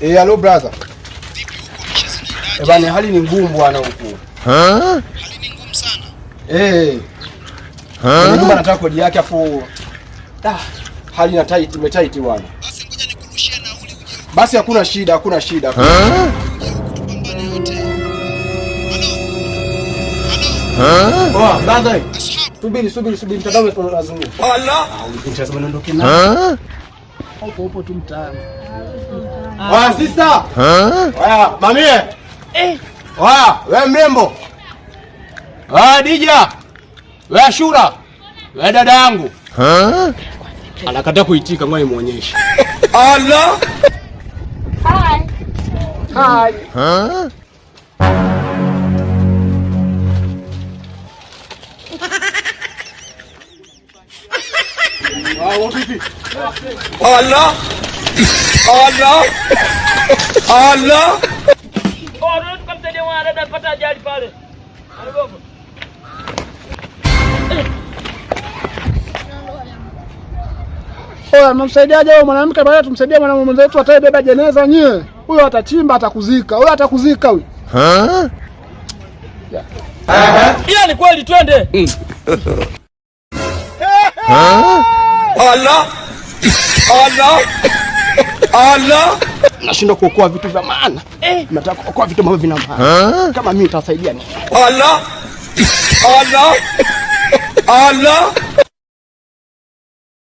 Eh, hello brother. Eh, bana hali ni ngumu bwana huku. Ha? Hali ni ngumu sana. Eh. Ha? Mimi nataka kodi yake afu Da. hali na tight, ime tight bwana. Basi ngoja nikurushie nauli uje. Basi hakuna shida, hakuna shida. Ha? Oh, brother. Subiri, subiri, subiri, mtandao unazunguka. Allah. na. Ha? Hapo hapo tu mtaani. Waya ah. sister. Waya mamie. Eh. Waya we mrembo. Waya Dija. We Shura. We dada yangu. Huh? Anakataa kuitika ngoja nimuonyeshe. Allah. Hi. Hi. Huh? Allah. Allah! Allah! Oya, mnamsaidiaje huyo mwanamke baada tumsaidia mwanamume mwenzetu atabeba jeneza nyewe. Huyo atachimba atakuzika. Huyo atakuzika huyo. Ha? Hiyo ni kweli twende. Allah! Allah! Ala! nashindwa kuokoa vitu vya maana eh. Nataka kuokoa vitu ambavyo vina maana. Kama mimi nitasaidia nini? Ala! Ala! Ala!